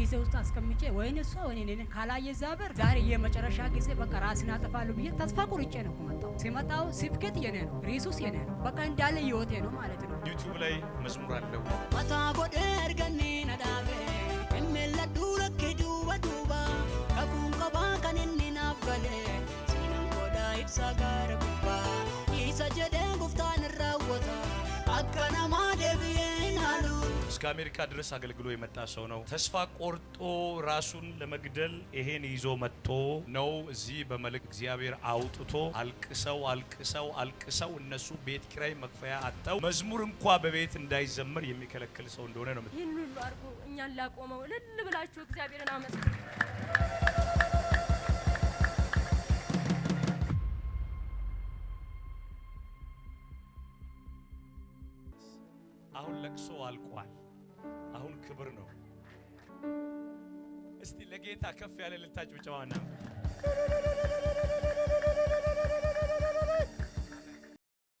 ኪሴ ውስጥ አስቀምጬ ወይን እሷ ወይኔ እኔን ካላየ እዛ ዛሬ የመጨረሻ ጊዜ በቃ ራስን አጠፋለሁ ብዬ ተስፋ ቁርጬ ነው መጣው ሲመጣው ስብከት የኔ ነው፣ ሪሱስ የኔ ነው፣ በቃ እንዳለ ህይወቴ ነው ማለት ነው። ዩቱብ ላይ መዝሙር አለው እስከ አሜሪካ ድረስ አገልግሎ የመጣ ሰው ነው። ተስፋ ቆርጦ ራሱን ለመግደል ይሄን ይዞ መጥቶ ነው እዚህ በመልክ እግዚአብሔር አውጥቶ አልቅሰው አልቅሰው አልቅሰው እነሱ ቤት ኪራይ መክፈያ አጥተው መዝሙር እንኳ በቤት እንዳይዘመር የሚከለክል ሰው እንደሆነ ነው። ይህን ሁሉ አድርጎ እኛን ላቆመው እልል ብላችሁ እግዚአብሔርን አመስግኑ። አሁን ለቅሶ አልቋል። ክብር ነው። እስቲ ለጌታ ከፍ ያለ ልታጭብጨዋና